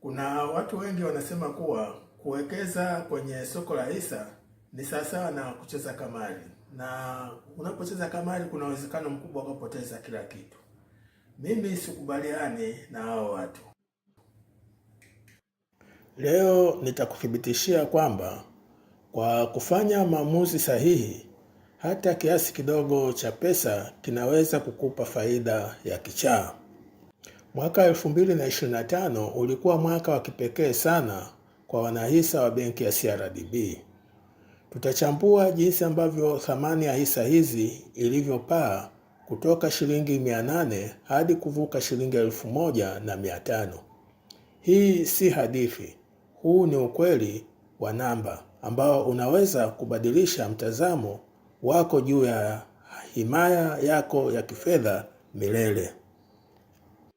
Kuna watu wengi wanasema kuwa kuwekeza kwenye soko la hisa ni sawasawa na kucheza kamari, na unapocheza kamari kuna uwezekano mkubwa wa kupoteza kila kitu. Mimi sikubaliani na hao watu. Leo nitakuthibitishia kwamba kwa kufanya maamuzi sahihi, hata kiasi kidogo cha pesa kinaweza kukupa faida ya kichaa. Mwaka 2025 ulikuwa mwaka wa kipekee sana kwa wanahisa wa benki ya CRDB. Tutachambua jinsi ambavyo thamani ya hisa hizi ilivyopaa kutoka shilingi 800 hadi kuvuka shilingi elfu na Hii si hadithi, huu ni ukweli wa namba ambao unaweza kubadilisha mtazamo wako juu ya himaya yako ya kifedha milele.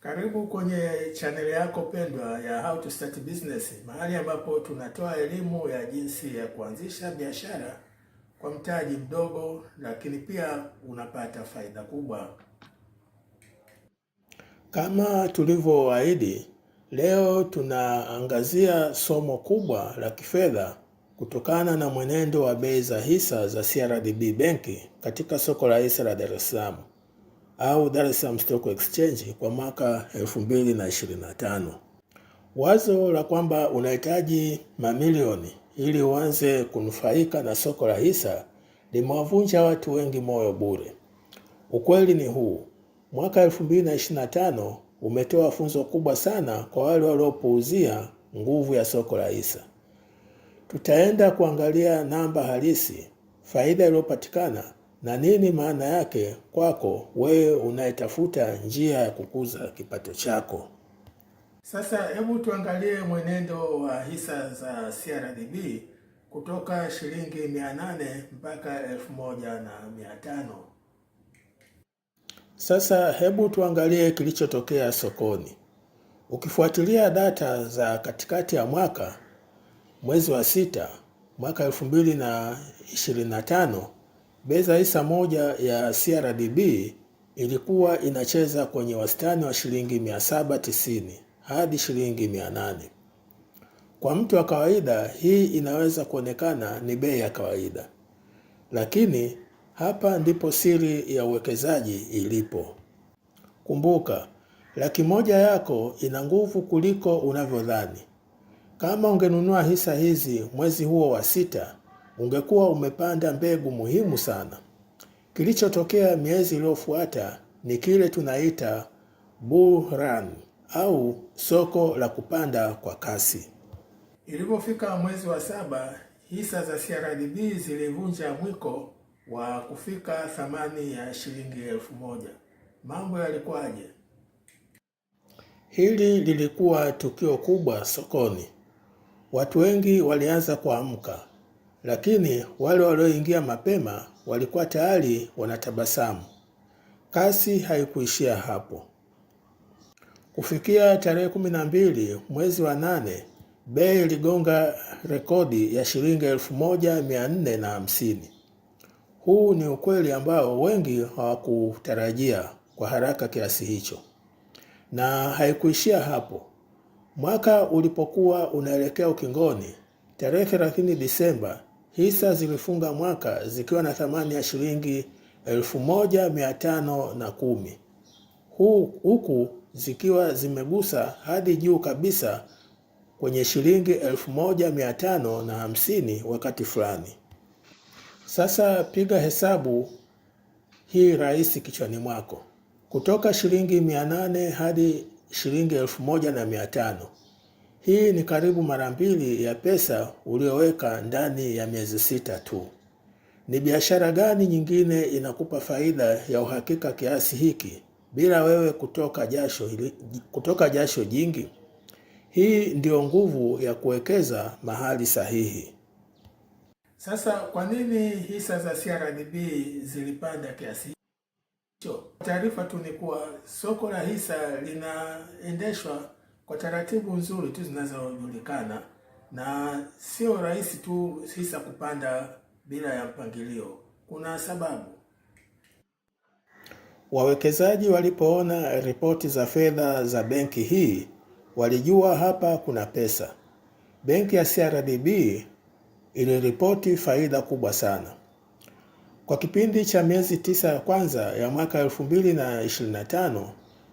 Karibu kwenye chaneli yako pendwa ya How to Start Business, mahali ambapo tunatoa elimu ya jinsi ya kuanzisha biashara kwa mtaji mdogo, lakini pia unapata faida kubwa. Kama tulivyoahidi, leo tunaangazia somo kubwa la kifedha kutokana na mwenendo wa bei za hisa za CRDB benki katika soko la hisa la Dar es Salaam au Dar es Salaam Stock Exchange kwa mwaka 2025. Wazo la kwamba unahitaji mamilioni ili uanze kunufaika na soko la hisa limewavunja watu wengi moyo bure. Ukweli ni huu, mwaka 2025 umetoa funzo kubwa sana kwa wale waliopuuzia nguvu ya soko la hisa. Tutaenda kuangalia namba halisi, faida iliyopatikana na nini maana yake kwako wewe unayetafuta njia ya kukuza kipato chako. Sasa hebu tuangalie mwenendo wa hisa za CRDB kutoka shilingi 800 mpaka 1500. Sasa hebu tuangalie kilichotokea sokoni. Ukifuatilia data za katikati ya mwaka, mwezi wa sita mwaka 2025 Beza hisa moja ya CRDB ilikuwa inacheza kwenye wastani wa shilingi 790 hadi shilingi 800. Kwa mtu wa kawaida hii inaweza kuonekana ni bei ya kawaida, lakini hapa ndipo siri ya uwekezaji ilipo. Kumbuka, laki moja yako ina nguvu kuliko unavyodhani. Kama ungenunua hisa hizi mwezi huo wa sita, ungekuwa umepanda mbegu muhimu sana. Kilichotokea miezi iliyofuata ni kile tunaita bull run au soko la kupanda kwa kasi. Ilipofika mwezi wa saba, hisa za CRDB zilivunja mwiko wa kufika thamani ya shilingi elfu moja. Mambo yalikuwaje? Hili lilikuwa tukio kubwa sokoni. Watu wengi walianza kuamka, lakini wale walioingia mapema walikuwa tayari wanatabasamu. Kasi haikuishia hapo. Kufikia tarehe kumi na mbili mwezi wa nane, bei iligonga rekodi ya shilingi elfu moja mia nne na hamsini. Huu ni ukweli ambao wengi hawakutarajia kwa haraka kiasi hicho. Na haikuishia hapo. Mwaka ulipokuwa unaelekea ukingoni, tarehe 30 Disemba hisa zilifunga mwaka zikiwa na thamani ya shilingi elfu moja mia tano na kumi huku zikiwa zimegusa hadi juu kabisa kwenye shilingi elfu moja mia tano na hamsini wakati fulani. Sasa piga hesabu hii rahisi kichwani mwako, kutoka shilingi mia nane hadi shilingi elfu moja na mia tano. Hii ni karibu mara mbili ya pesa ulioweka ndani ya miezi sita tu. Ni biashara gani nyingine inakupa faida ya uhakika kiasi hiki bila wewe kutoka jasho, kutoka jasho jingi? Hii ndiyo nguvu ya kuwekeza mahali sahihi. Sasa kwa nini hisa za CRDB zilipanda kiasi hicho? Taarifa tu ni kuwa soko la hisa linaendeshwa kwa taratibu nzuri tu zinazojulikana na sio rahisi tu hisa kupanda bila ya mpangilio, kuna sababu. Wawekezaji walipoona ripoti za fedha za benki hii walijua hapa kuna pesa. Benki ya CRDB iliripoti faida kubwa sana kwa kipindi cha miezi tisa ya kwanza ya mwaka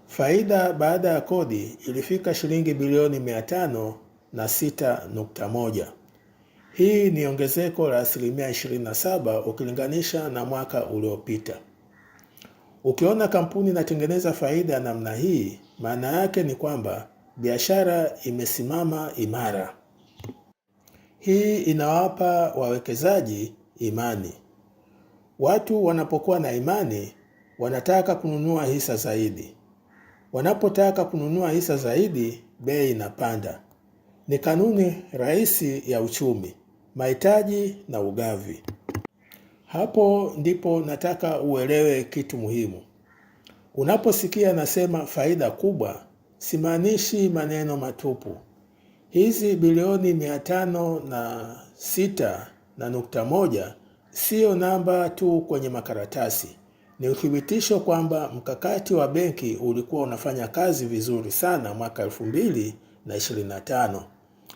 Faida baada ya kodi ilifika shilingi bilioni mia moja. Hii ni ongezeko la asilimia 27 ukilinganisha na mwaka uliopita. Ukiona kampuni inatengeneza faida namna hii, maana yake ni kwamba biashara imesimama imara. Hii inawapa wawekezaji imani. Watu wanapokuwa na imani, wanataka kununua hisa zaidi. Wanapotaka kununua hisa zaidi, bei inapanda. Ni kanuni rahisi ya uchumi, mahitaji na ugavi. Hapo ndipo nataka uelewe kitu muhimu. Unaposikia nasema faida kubwa, simaanishi maneno matupu. Hizi bilioni mia tano na sita na nukta moja siyo namba tu kwenye makaratasi ni uthibitisho kwamba mkakati wa benki ulikuwa unafanya kazi vizuri sana mwaka elfu mbili na ishirini na tano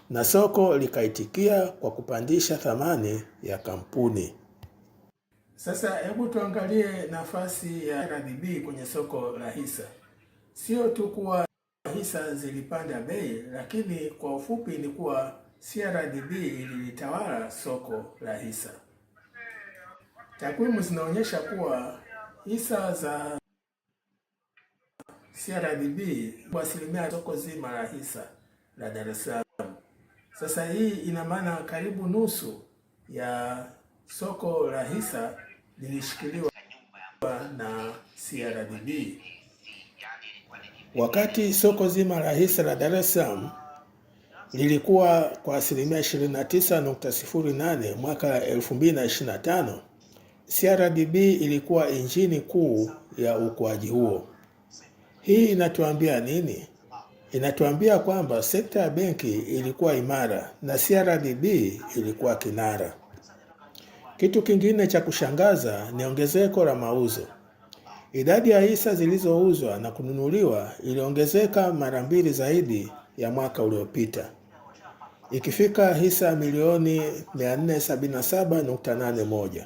na soko likaitikia kwa kupandisha thamani ya kampuni. Sasa hebu tuangalie nafasi ya RDB kwenye soko la hisa. Sio tu kuwa hisa zilipanda bei, lakini kwa ufupi ni kuwa CRDB ililitawala soko la hisa. Takwimu zinaonyesha kuwa hisa za CRDB kwa asilimia soko zima la hisa la Dar es Salaam. Sasa hii ina maana karibu nusu ya soko la hisa lilishikiliwa na CRDB, wakati soko zima la hisa la Dar es Salaam lilikuwa kwa asilimia 29.08 mwaka 2025 CRDB ilikuwa injini kuu ya ukuaji huo. Hii inatuambia nini? Inatuambia kwamba sekta ya benki ilikuwa imara na CRDB ilikuwa kinara. Kitu kingine cha kushangaza ni ongezeko la mauzo. Idadi ya hisa zilizouzwa na kununuliwa iliongezeka mara mbili zaidi ya mwaka uliopita ikifika hisa milioni 477.81.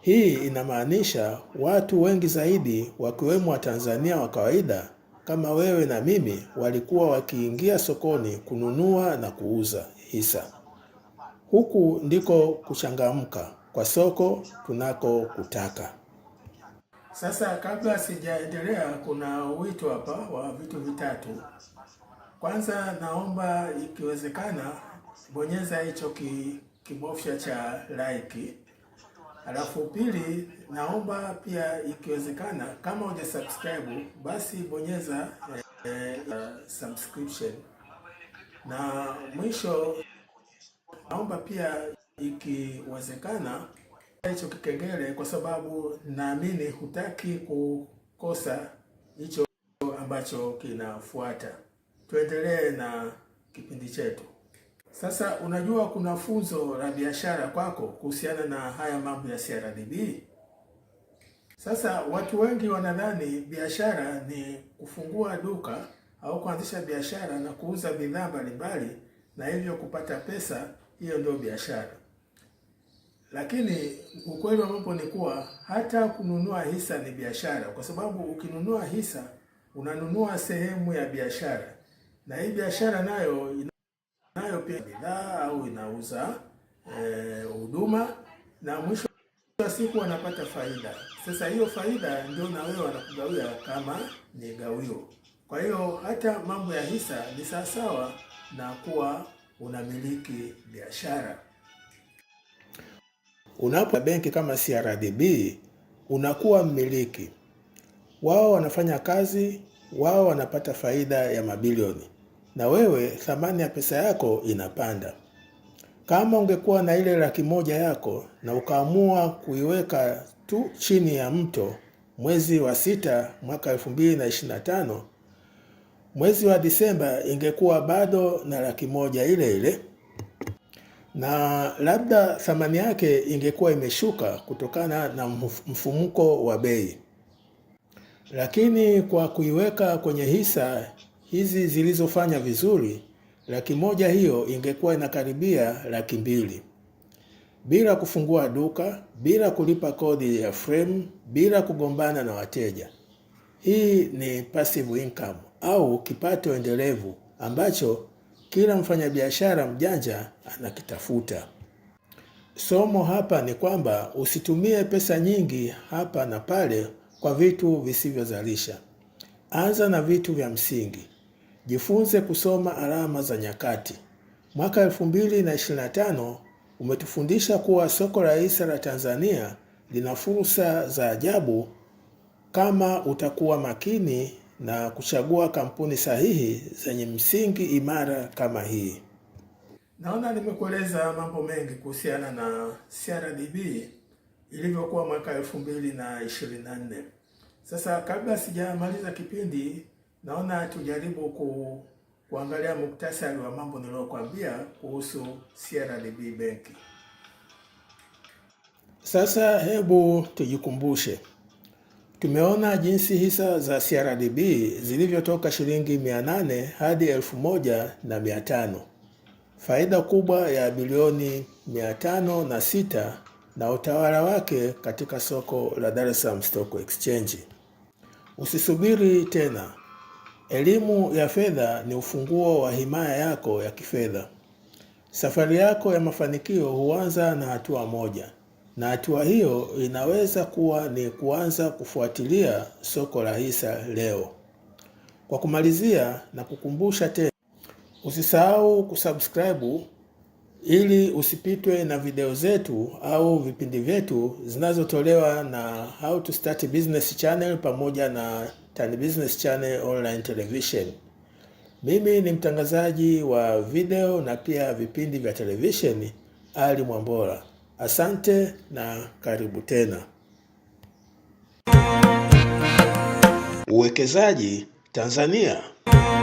Hii inamaanisha watu wengi zaidi wakiwemo Watanzania wa kawaida kama wewe na mimi walikuwa wakiingia sokoni kununua na kuuza hisa. Huku ndiko kuchangamka kwa soko tunakokutaka. Sasa, kabla sijaendelea, kuna wito hapa wa vitu vitatu. Kwanza, naomba ikiwezekana, bonyeza hicho kibofya cha like Alafu pili, naomba pia ikiwezekana, kama uja subscribe basi bonyeza eh, eh, subscription. Na mwisho naomba pia ikiwezekana hicho kikengele, kwa sababu naamini hutaki kukosa hicho ambacho kinafuata. Tuendelee na kipindi chetu. Sasa unajua kuna funzo la biashara kwako kuhusiana na haya mambo ya CRDB. Sasa watu wengi wanadhani biashara ni kufungua duka au kuanzisha biashara na kuuza bidhaa mbalimbali na hivyo kupata pesa, hiyo ndio biashara. Lakini ukweli wa mambo ni kuwa hata kununua hisa ni biashara, kwa sababu ukinunua hisa unanunua sehemu ya biashara, na hii biashara nayo nayo pia bidhaa au inauza eh, huduma e, na mwisho wa siku wanapata faida. Sasa hiyo faida ndio na wewe wanakugawia kama ni gawio. Kwa hiyo hata mambo ya hisa ni sawasawa na kuwa unamiliki biashara. Unapo benki kama CRDB unakuwa mmiliki wao, wanafanya kazi wao, wanapata faida ya mabilioni na wewe thamani ya pesa yako inapanda. Kama ungekuwa na ile laki moja yako na ukaamua kuiweka tu chini ya mto mwezi wa sita mwaka elfu mbili na ishirini na tano mwezi wa Disemba ingekuwa bado na laki moja ile ile, na labda thamani yake ingekuwa imeshuka kutokana na mfumuko wa bei, lakini kwa kuiweka kwenye hisa Hizi zilizofanya vizuri, laki moja hiyo ingekuwa inakaribia laki mbili bila kufungua duka, bila kulipa kodi ya frame, bila kugombana na wateja. Hii ni passive income au kipato endelevu ambacho kila mfanyabiashara mjanja anakitafuta. Somo hapa ni kwamba usitumie pesa nyingi hapa na pale kwa vitu visivyozalisha. Anza na vitu vya msingi. Jifunze kusoma alama za nyakati. Mwaka 2025 umetufundisha kuwa soko la hisa la Tanzania lina fursa za ajabu kama utakuwa makini na kuchagua kampuni sahihi zenye msingi imara kama hii. Naona nimekueleza mambo mengi kuhusiana na CRDB ilivyokuwa mwaka 2024. Sasa kabla sijamaliza kipindi Naona tujaribu ku, kuangalia muktasari wa mambo niliyokuambia kuhusu CRDB benki. Sasa hebu tujikumbushe, tumeona jinsi hisa za CRDB zilivyotoka shilingi 800 hadi 1500 faida kubwa ya bilioni 506 na utawala wake katika soko la Dar es Salaam Stock Exchange. Usisubiri tena, Elimu ya fedha ni ufunguo wa himaya yako ya kifedha. Safari yako ya mafanikio huanza na hatua moja, na hatua hiyo inaweza kuwa ni kuanza kufuatilia soko la hisa leo. Kwa kumalizia na kukumbusha tena, usisahau kusubscribe ili usipitwe na video zetu au vipindi vyetu zinazotolewa na How to Start Business Channel pamoja na Tan Business Channel Online Television. Mimi ni mtangazaji wa video na pia vipindi vya televisheni Ali Mwambola. Asante na karibu tena. Uwekezaji Tanzania.